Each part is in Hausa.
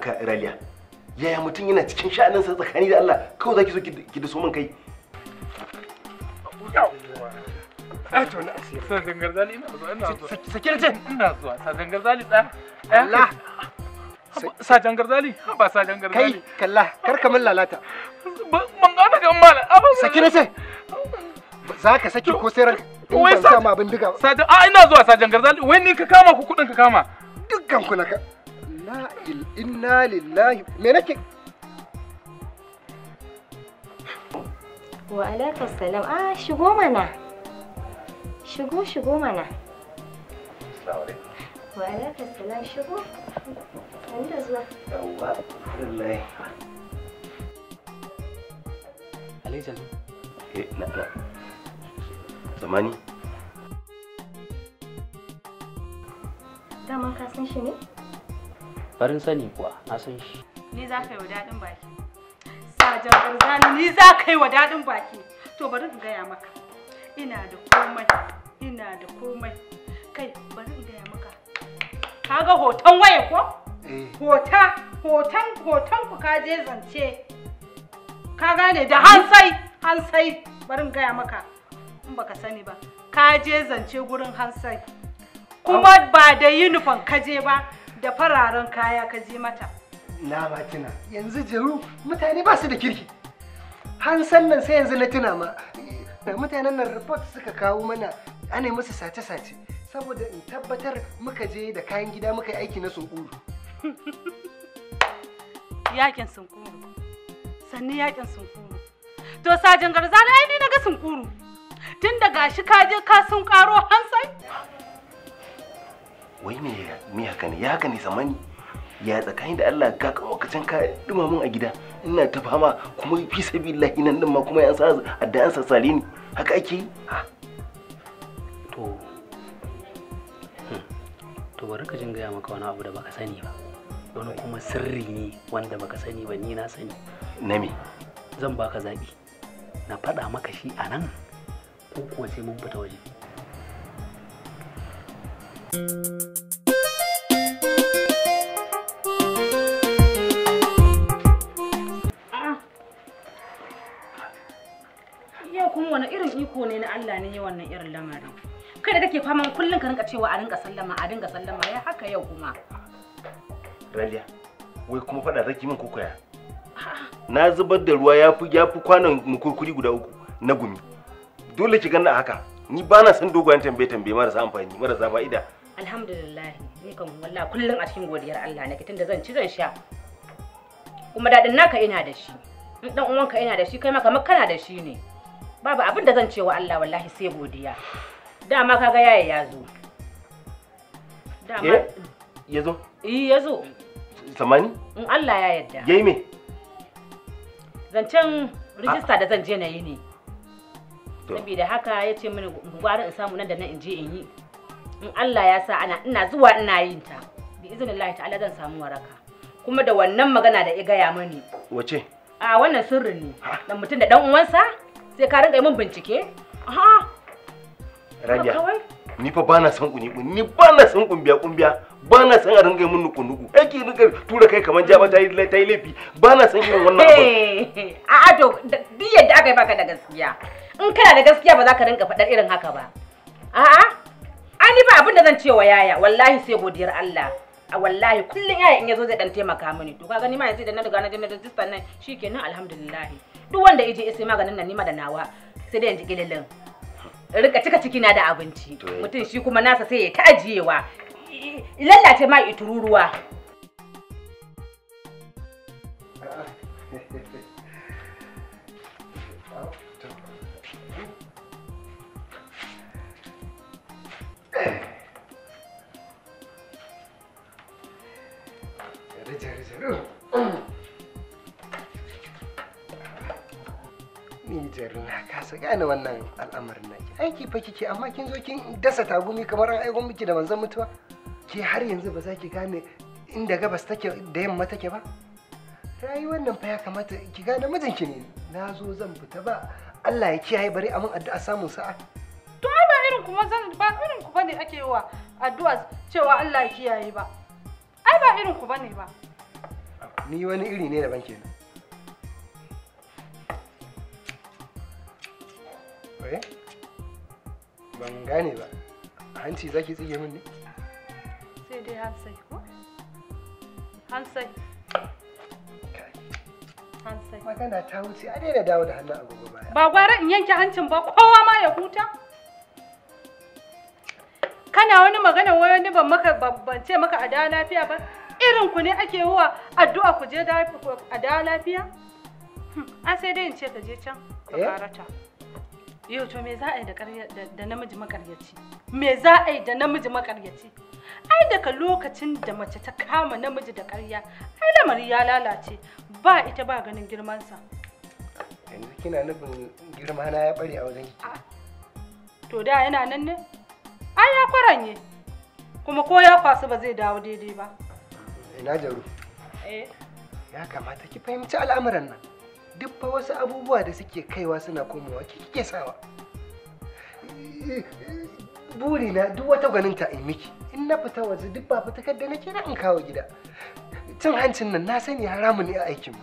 akan Iraliya yaya mutum yana cikin sha'aninsa tsakani da Allah kawai zaki so ki da so min kai Sadangar zali ina zuwa ina zuwa. Sake ce ina zuwa sadangar ba sadangar garzali. Kai kalla kar ka min lalata. Ban gane ga mala. Sake na Za ka saki ko sai ranka. Wai sa ma bindiga. Sadan a ina zuwa sadangar garzali. wai ni ka kama ku kudin ka kama. Dukkan ku na ka. inna inna lillahi me nake wa alaikum salam ah shigo mana shigo shigo mana wa alaikum salam shigo wani da zuwa yawwa lallai alaikum eh na na zamani ka san shi ne farin sani kuwa na san shi ni za ka yi wa daɗin baki jabar barzani ni za ka yi wa daɗin baki to bari in gaya maka ina da komai ina da komai kai bari in gaya maka ga hoton waye ko eh. hota hoton hoton ku ka je zance ka gane da hansai hansai bari in gaya maka in baka sani ba ka je zance gurin hansai kuma ba da uniform ka je ba da fararen kaya ka je mata na ba tuna yanzu jaru mutane ba su da kirki hansan nan sai yanzu na tuna ma da mutanen nan report suka kawo mana ana yi musu sace-sace saboda in tabbatar muka je da kayan gida muka yi aiki na sunkuru yakin sunkuru sannu yakin sunkuru to sajin garza na aini na ga sunkuru tun da gashi ka je ka sun karo hansai wai me me haka ne ya haka ne zamani ya tsakani da Allah ga kan wakacin ka dumamin a gida ina ta fama kuma fi sabilillahi nan din ma kuma yan sa addan sa sassare ni haka ake yi ah. to hmm. to bari ka jin gaya maka wani abu da baka sani ba wani kuma sirri ne wanda baka sani ba ni na sani na me zan baka zaɓi na faɗa maka shi a nan ko kuwa sai mun fita waje Ah. yau kuma wani irin iko ne na Allah ne wannan irin lamarin kai da kake faman kullum ka rinka cewa a rinka sallama a rinka sallama ya haka yau kuma Raliya wai kuma faɗa zaki min kokoya na zubar da ruwa ya fi ya fi kwanan mukurkuri guda uku na gumi dole ki ganna haka ni ba na san dogon tambaye tambaye marasa amfani marasa fa'ida alhamdulillah ni kan wallah kullum a cikin godiyar Allah nake tunda zan ci zan sha kuma dadin naka ina da shi in dan uwanka ina da shi kai ma kamar kana da shi ne babu abin da zan ce wa Allah wallahi sai godiya dama kaga yayi ya zo dama eh, ya zo eh ya zo samani in Allah ya yarda yayi me zancen register ah. da zan je na yi ne saboda haka ya ce mini gwara in samu nan da nan in je in yi in Allah ya sa ana ina zuwa ina yin ta bi iznillahi ta'ala zan samu waraka kuma da wannan magana da ya gaya mani wace a wannan sirrin ne dan mutum da dan uwansa sai ka rinka min bincike aha rabiya ni fa bana san kuni ni bana san kumbiya kumbiya bana san a ringa min nuku nuku aiki ringa tura kai kamar jaba ta yi ta yi laifi bana san irin wannan abu a a to duk yadda aka yi baka da gaskiya in kana da gaskiya ba za ka rinka faɗar irin haka ba a'a Wani ni ba abin da zan cewa yaya wallahi sai godiyar Allah a wallahi kullum yaya in yazo zai dan taimaka mini to kaga ni ma yanzu da na riga na je na register nan shikenan alhamdulillah duk wanda yaje sai maganin nan ni ma da nawa sai da yanzu gilalin. rika cika ciki na da abinci mutum shi kuma nasa sai ya ta ajiyewa lallace ma tururuwa. kasa gane wannan al'amarin naki aiki fa kike amma kin zo kin dasa tagumi kamar an aiko miki da manzon mutuwa ke har yanzu ba za ki gane inda gabas take da yamma take ba rayuwar nan fa ya kamata ki gane mijinki ne na zo zan fita ba Allah ya kiyaye bari amin addu'a samun sa'a to ai ba irin kuma zan ba irin ku bane ake wa addu'a cewa Allah ya kiyaye ba ai ba irin ku bane ba ni wani iri ne daban kenan eh ban gane ba hanci zaki tsige min ne sai dai hansai ko hansai hansai magana ta wuce a daina dawo da hannun agogo baya ba gwara in yanke hancin ba kowa ma ya huta kana wani magana wai wani ban maka ban ce maka a da lafiya ba irin ku ne ake wa addu'a ku je da a da lafiya hm, a sai dai in ce ka je can ka karata eh? Yau to me za a yi da namiji makaryaci? Me za a yi da namiji makaryaci? Ai daga lokacin da mace ta kama namiji da ƙarya, ai lamari ya lalace, ba ita ba ganin girmansa. Yanzu kina nufin girma na ya bare a wajen To da yana nan ne? Ai ya kwaranye. Kuma ko ya kwasu ba zai dawo daidai ba. Ina jaru. Eh. Ya kamata ki fahimci al'amuran nan. duk fa wasu abubuwa da suke kaiwa suna komowa ki kike sawa buri na duk wata gwaninta in miki in na fita waje duk ba fitakar da nake na in kawo gida cin hancin nan na sani haramun ne a aikin mu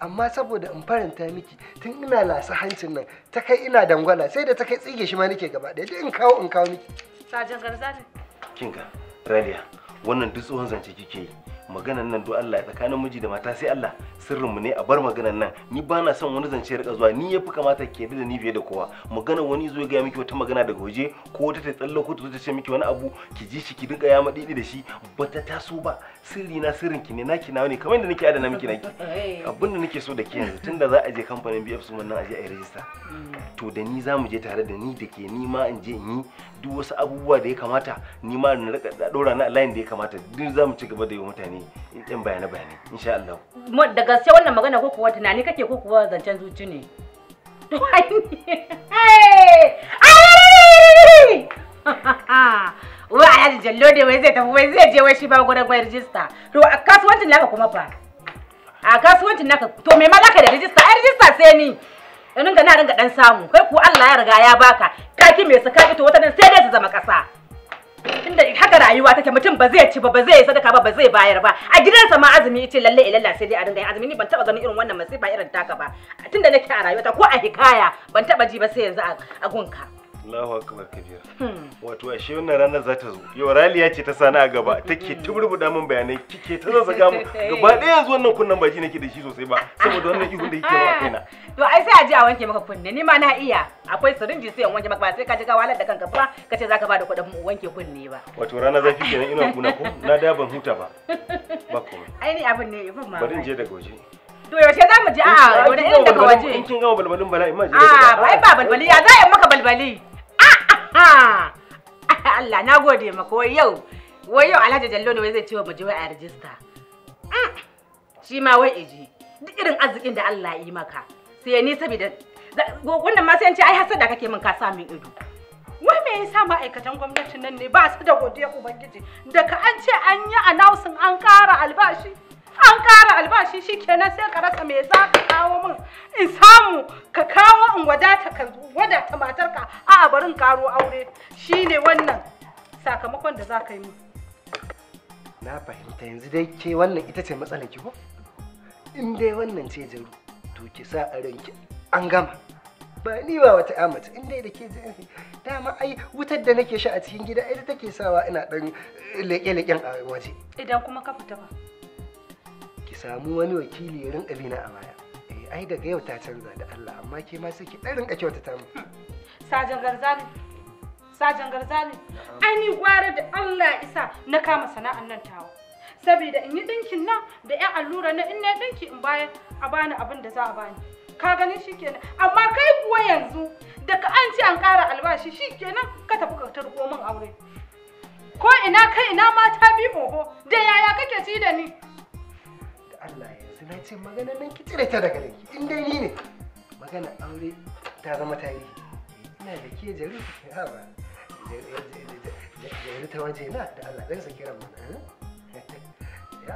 amma saboda in faranta miki tun ina lasa hancin nan ta kai ina dangwala sai da ta kai tsige shi ma nake gaba da in kawo in kawo miki sajan garza ne kinga wannan duk tsohon zance kike yi maganan nan do Allah tsakanin miji da mata sai Allah sirrinmu ne a bar maganan nan ni ba na son wani zance rika zuwa ni yafi kamata ke da ni fiye da kowa magana wani zo ya ga miki wata magana daga waje ko wata ta tsalle ko ta ce miki wani abu ki ji shi ki dinga ya da shi ta taso ba sirri na sirrin ki ne naki nawa ne kamar yadda nake adana miki naki abin da nake so da ke yanzu tunda za a je kamfanin BF su nan a je a yi rajista mm. to da ni za mu je tare da ni da ke ni ma in je in yi duk wasu abubuwa da ya kamata ni ma na rika daura na line da ya kamata duk za mu ci gaba da yi mutane bayani din bayane bayane insha Allah da gaske wannan magana ko kuwa tunani kake ko kuwa zancen zuci ne to ai wai alhaji jallo ne wai zai tafi wai zai je wai shi ba gurin wai rijista to a kasuwancin naka kuma fa a kasuwancin naka to me ma zaka da rijista ai rijista sai ni in ringa na ringa dan samu kai ko Allah ya riga ya baka kaki mai su ka fito wata nan sai dai su zama kasa da haka rayuwa take mutum ba zai ci ba ba zai sadaka ba ba zai bayar ba a gidansa ma azumi yace lalle ilalla eh, sai dai a dinga yin azumi ni ban taba ganin irin wannan masifa irin taka ba tunda nake a rayuwata ko a hikaya ban taba ji ba sai yanzu a gunka Allahu akbar kabira. Hmm. Wato ashe wannan ranar za ta zo. Yau Raliya ce ta sani a gaba take tuburbuda min bayanai kike ta zazzaga mu gaba ɗaya yanzu wannan kunnen baki nake da shi sosai ba saboda wannan ihun da yake ba kaina. To ai sai a je a wanke maka kunne ni ma na iya akwai sirinji sai in wanke maka ba sai ka je ka walar da kanka ba ka ce zaka ba da kuɗin wanke kunne ba. Wato rana zafi kenan ina kuna ko na da ban huta ba. Ba komai. Ai ni abin ne ban ma. Bari in je daga waje. To yaushe za mu je a ah, wani irin daga waje? In kin gama balbalin bala'i ma je. Ah, a ai ba balbali ya za a yi maka balbali. Allah na gode maka wai yau wai yau Alhaji Jallo ne wai zai ce wa muje wai a rajista. Mm. Shi ma wai iji duk irin arzikin da Allah ya yi maka sai ni saboda wannan ma sai an ce ai kake min ka sa min ido. Wai me yasa ma'aikatan gwamnati nan ne ba su da godiya Ubangiji daga an ce an yi announcing an kara albashi an ƙara albashi shikenan sai ka rasa me za ka kawo min in samu ka kawo in wadata ka wadata matarka a'a barin karo aure shine wannan sakamakon da za ka yi min na fahimta yanzu dai ke wannan ita ce matsalar ki ko in dai wannan ce jaru to ki sa a ranki an gama ba ni ba wata amata in dai da ke dama ai wutar da nake sha a cikin gida ita take sawa ina dan eh, leke-leken a waje idan kuma ka fita ba samu wani wakili ya rinka bina a baya eh ai daga yau ta canza da Allah amma ke ma sai ki dan rinka kyautata mu sajan garzani sajan garzani ai ni gwara da Allah isa na kama sana'an nan tawa saboda in yi dinkin nan da yan allura na in ne dinki in bayar a bani abin da za a bani ka ganin shikenan amma kai kuwa yanzu daga an ce an kara albashi shikenan ka tafi ka tarko min aure ko ina kai ina mata bi oho da yaya kake ci da ni na ce magana nan ki cire ta daga ranki in dai ni ne magana aure ta zama tarihi ina da ke jaru ha ba jaru ta waje na da Allah dan sa kira mana hmm? ya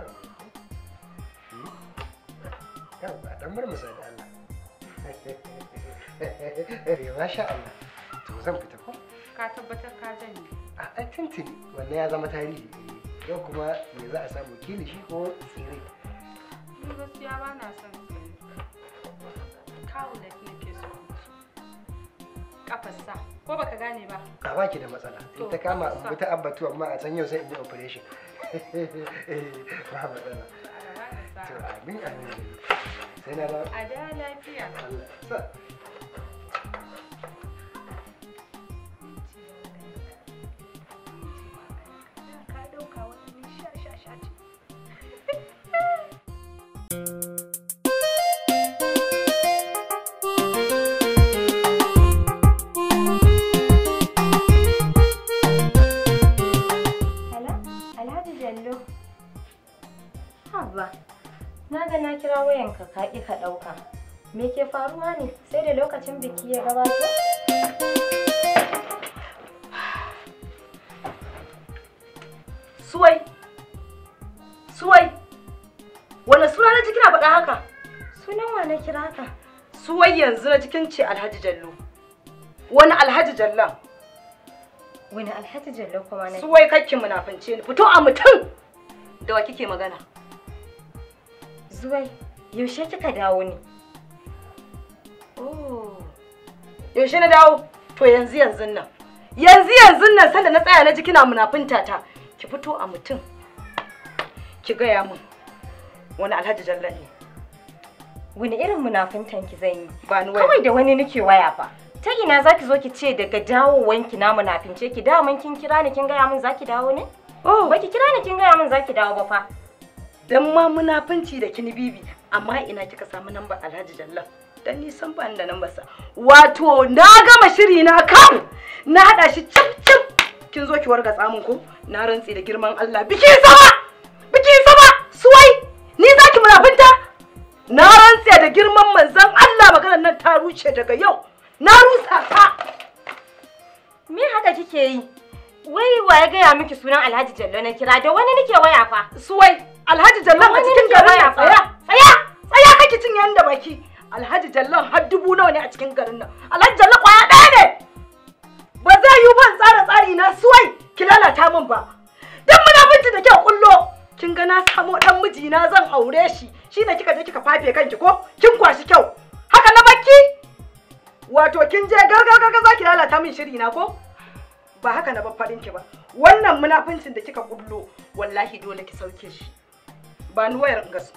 hmm? ya ba dan bar musa da Allah eh masha Allah to zan fita ko ka tabbatar ka janye a tintini wannan ya zama tarihi yau kuma me za a samu kilishi ko tsire A gaskiya ba na da ke ke so ko baka gane ba a baki da matsala in ta kama wuta amma a can yau sai in yi operation eh, ba matsala to amin sai na da a da lafiya Allah wayanka ka ƙi ka ɗauka. Me ke faruwa ne sai da lokacin biki ya gabato? Suwai! Suwai! Wane suna na kina faɗa haka? Sunan wa na kira haka? Suwai yanzu na cikin ce Alhaji Jallo. Wani Alhaji Jallon? Wani Alhaji Jallo kuma na Suwai kakkin munafince ni fito a mutum! Da wa kike magana? Zuwai. Yaushe kika dawo ne? Oh. Yaushe na dawo? To yanzu yanzu nan. Yanzu yanzu nan sanda na tsaya na ji kina munafinta ta. Ki fito a mutum. Ki gaya min. Wani Alhaji Jalla ne. Wani irin munafintan ki zan yi? Ba ni waya. Kawai da wani nake waya fa. Ta ina za ki zo ki ce daga wanki na munafince ki daman kin kira ni kin gaya min za ki dawo ne? Oh. Ba ki kira ni kin gaya min za ki dawo ba fa. Dan ma munafinci da kini bibi amma ina kika samu number alhaji jallan dan ni san ban da number sa wato na gama shiri na kan na hada shi cip cip kin zo ki warga tsamin ko na rantsi da girman Allah biki sama biki sama suwai ni zaki murabinta na rantsi da girman manzon Allah maganar nan ta ruce daga yau na rusa ka me haka kike yi wai wa ya gaya miki sunan alhaji jallo na kira da wani nike waya fa suwai alhaji jallo a cikin garin ya tsaya ki cinye baki. Alhaji Jallan har dubu nawa ne a cikin garin nan. Alhaji Jallan kwaya ɗaya ne. Ba zai yi ban tsara tsari na suwai ki lalata min ba. Dan munafunci da kyau kullo. Kin ga na samo dan mijina zan aure shi. Shi ne kika je kika fafe kanki ko? Kin kwashi kyau. Haka na bakki? Wato kin je gaga za ki lalata min shiri na ko? Ba haka na faɗin ki ba. Wannan munafuncin da kika kullo wallahi dole ki sauke shi. Ba ni wayar gasu.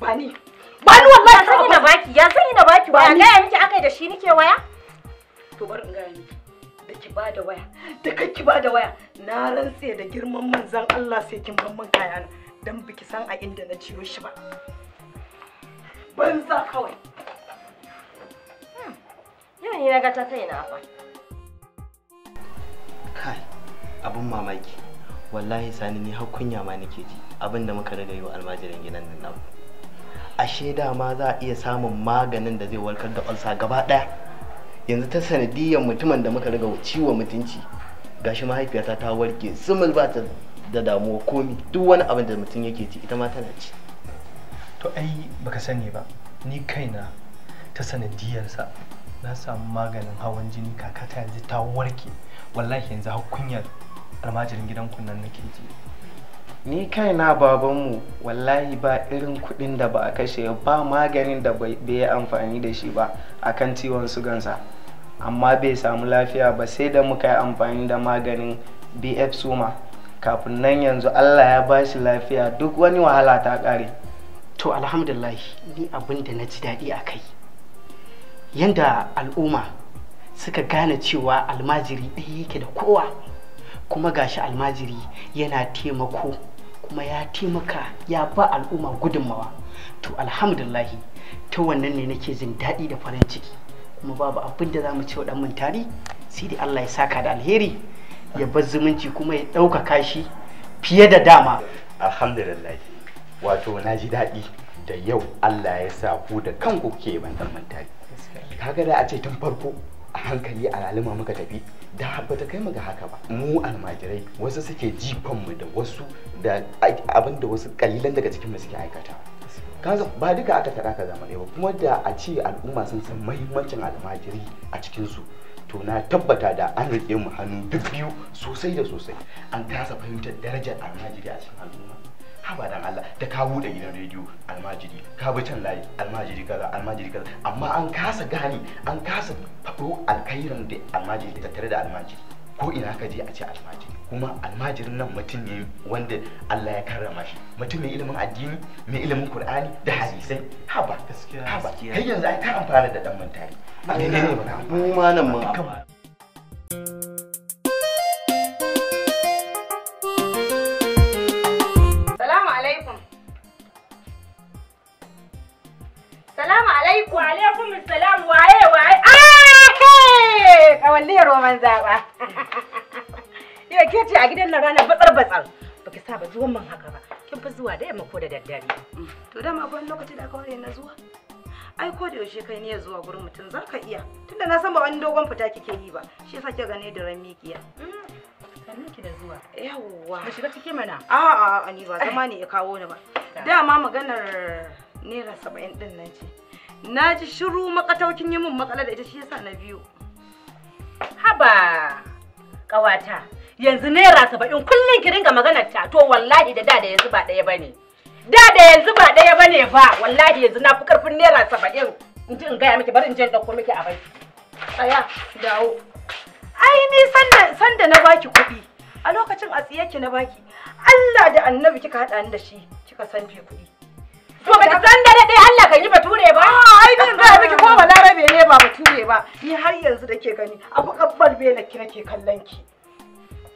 Ba ni. ba ni wallahi ya sani na baki ya sani na baki ba ga ya miki akai da shi nike waya to bari in ga da ki ba da waya da kake ba da waya na rantse da girman manzon Allah sai kin ban man kaya dan biki san a inda na ciyo shi ba banza kawai hmm, yau ni na ga ta kai na fa kai abun mamaki wallahi sani ni har kunya ma nake ji abin da muka riga yi wa almajirin gidan nan namu ashe ma za a iya samun maganin da zai warkar da ulsa gaba daya yanzu ta sanadiyar mutumin da muka riga ciwo mutunci gashi mahaifiyata ta warke sumul ba ta da damuwa komi duk wani abin da mutum yake ci ita ma tana ci to ai baka sani ba ni kaina ta sanadiyarsa na samu maganin hawan jini kakata yanzu ta warke wallahi yanzu har kunyar almajirin gidan kunnan nake ji ni kaina babanmu wallahi ba irin kudin da ba a kashe ba maganin da bai yi amfani da shi ba a kan ciwon sugansa amma bai samu lafiya ba sai da muka yi amfani da maganin bf suma kafin nan yanzu allah ya ba shi lafiya duk wani wahala ta kare to alhamdulillah ni abin da na ji daɗi a kai yadda al'umma suka gane cewa almajiri ɗaya yake da kowa kuma gashi almajiri yana taimako kuma ya taimaka ya ba al'umma gudunmawa to alhamdulahi ta wannan ne nake jin daɗi da farin ciki kuma babu abin da za mu ce wa ɗan tari sai dai Allah ya saka da alheri ya bar zumunci kuma ya ɗaukaka shi fiye da dama alhamdulillah wato na ji daɗi da yau Allah ya sa ku da kanku ke ban ɗan tari kaga da a ce tun farko a hankali a lalima muka tafi da ba ta kai mu ga haka ba mu almajirai wasu suke jifan mu da wasu da abin da wasu kalilan daga cikin mu suke aikata kaga ba duka aka tada ka zama ba kuma da a ce al'umma sun san muhimmancin almajiri a cikin su to na tabbata da an rike mu hannu duk biyu sosai da sosai an kasa fahimtar darajar almajiri a cikin al'umma haba dan Allah da ka bude gidan rediyo almajiri ka bi can layi almajiri kaza almajiri kaza amma an kasa gani an kasa faɗo alkhairin da almajiri ta tare da almajiri ko ina ka je a ce almajiri kuma almajirin nan mutum ne wanda Allah ya karrama shi mutum mai ilimin addini mai ilimin Qur'ani da hadisai haba haba kai yanzu ai ka amfana da dan mantari a ne ne mu ma nan mun wanne roman zaba. ya ke ce a gidan nan rana batsar batsar. Baki sa ba zuwan man haka ba. Kin fi zuwa da yamma ko da daddare. To dama akwai lokaci da aka ware na zuwa. Ai ko da yaushe kai ne ya zuwa gurin mutum za ka iya. Tunda na san ba wani dogon fita kike yi ba. Shi yasa kika gane da ran mikiya. Sannan ki da zuwa. Yawwa. Ba shiga ciki mana. A'a aa ni ba zama ne ya kawo ni ba. Dama maganar naira saba'in din nan ce. Na ji shiru makataukin yi min matsala da ita shi yasa na biyo. ba ƙawata yanzu naira saba'in kullum ki dinga maganar ta to wallahi da da da yanzu ba ɗaya bane da da yanzu ba ɗaya bane fa wallahi yanzu na fi karfin naira saba'in in ji in gaya miki bari in je in ɗauko miki abai tsaya dawo ai ni sanda na baki kuɗi a lokacin a tsiye ki na baki Allah da annabi kika haɗa ni da shi kika san kuɗi To ba ki san dare dai Allah kan yi bature ba. Ah, ai din ga miki ko balarabe ne ba bature ba. Ni har yanzu da ke gani abu kabbal be na ki nake kallon ki.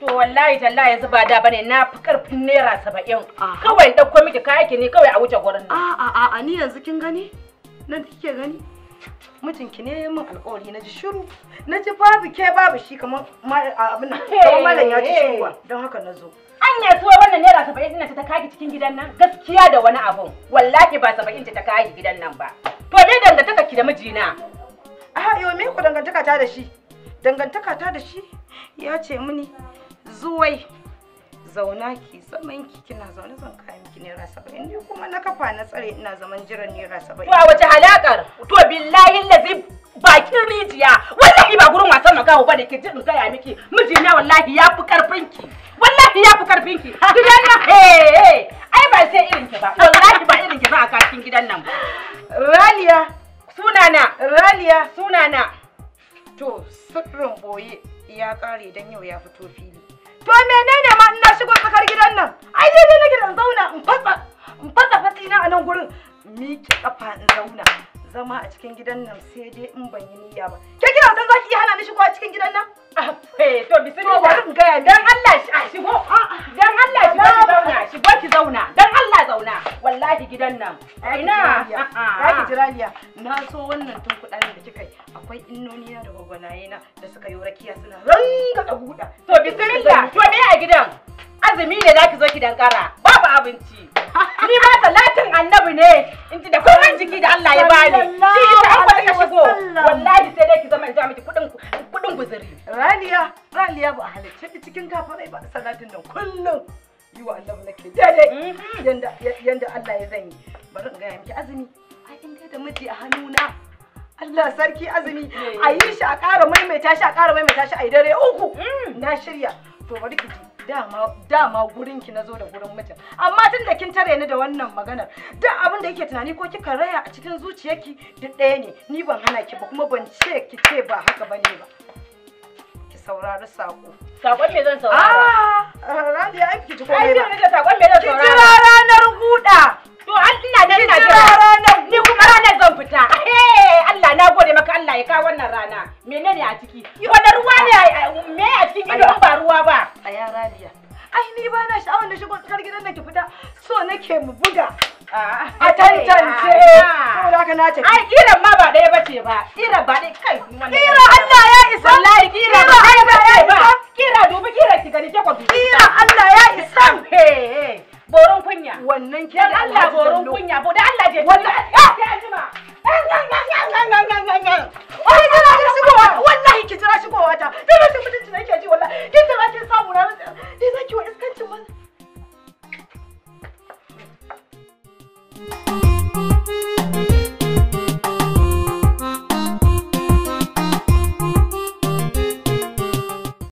To wallahi tallahi yanzu ba da bane na fi karfin naira saba'in. Kawai ɗauko miki kayaki ne kawai a wuce gurin nan. A'a a'a ni yanzu kin gani? Nan kike gani? mijinki ne min alƙawari na ji shiru na ji babu ke babu shi kamar abin kamar malam ya ji shiruwa don haka na zo an ya tuwa wannan naira saba'in ɗin ta kage cikin gidan nan gaskiya da wani abun wallahi ba saba'in ta kage gidan nan ba to dai dangantaka ki da mijina a yo me ku dangantaka ta da shi dangantaka ta da shi ya ce mini zuwai zauna ki zaman ki kina zaune zan kai miki naira saba'in ni kuma na kafa na tsare ina zaman jiran naira saba'in. To a wace halakar? To billahi lazi bakin rijiya wallahi ba gurin wasan kawo ba da ke jin gaya miki mijina wallahi ya fi karfin ki wallahi ya fi karfin ki gidan nan ai ba sai irin ki ba wallahi ba irin ki ba a kafin gidan nan ba. Raliya sunana Raliya sunana to sirrin boye ya kare dan yau ya fito fili. To menene ma ina shigo tsakar gidan nan? Ai daidai na gidan zauna in fasa in fasa na a nan gurin. Miƙe kafa in zauna. Zama a cikin gidan nan sai dai in ban yi niyya ba. Ke kira san zaki iya hana ni shigo a cikin gidan nan? Ah, eh to bisu ne bari dan Allah shi a shigo. Dan Allah shi ki zauna, shigo ki zauna. zauna wallahi gidan nan ina ya ki jiraliya na so wannan tun kuɗa da kika yi akwai innoni na da gwagwanaye na da suka yi rakiya suna ranga da buɗa to bisimilla to me a gidan azumi ne zaki zo ki dankara babu abinci ni ba talatin annabi ne in ji da kowan jiki da Allah ya bani shi ita an kwata ka shigo wallahi sai dai ki zama in ja miki kuɗin kuɗin guzuri raliya raliya ba halicce cikin gafarai ba salatin nan kullum yi wa annabi nake daidai mhm. yanda Allah ya zanyi bari in gaya miki azumi ai in da miji a hannuna Allah sarki azumi eh. a yi shi a ƙara maimaita shi a ƙara maimaita shi a dare uku mm. na shirya to bari ki ji dama dama gurin ki nazo da gurin mutum amma tun da kin tare ni da wannan maganar duk abin da yake tunani ko kika raya a cikin zuciyarki duk ɗaya ne ni ban hana ki ba kuma ban ce ki ce ba haka bane ba saurari sako. Sakon me zan saurara? Ah, Rabi ai ki ji komai ba. Ai ji sakon me zan saurara? Ki jira ranar guda. To an ina nan ina jira. ranar ni kuma ranar zan fita. Eh, Allah na gode maka Allah ya kawo wannan rana. Menene a ciki? Wannan ruwa ne me a cikin ido ba ruwa ba. Aya Rabiya. Ai ni ba na sha'awar da shigo tsakar gidan da ki fita. So nake mu buga. a tantance saboda haka na ai kira ma ba daya bace ba kira ba ɗaya kai kira Allah ya isa wallahi kira ba ɗaya bace ba kira dubi kira ki gani ke kira Allah ya isa he boron kunya wannan ke dan Allah boron kunya bo da Allah je wallahi ya jima Wai jira ki shigowa wallahi ki jira shigowa ta dole ki mutunci nake ji wallahi kin jira samu na ki zaki wa iskancin wallahi Música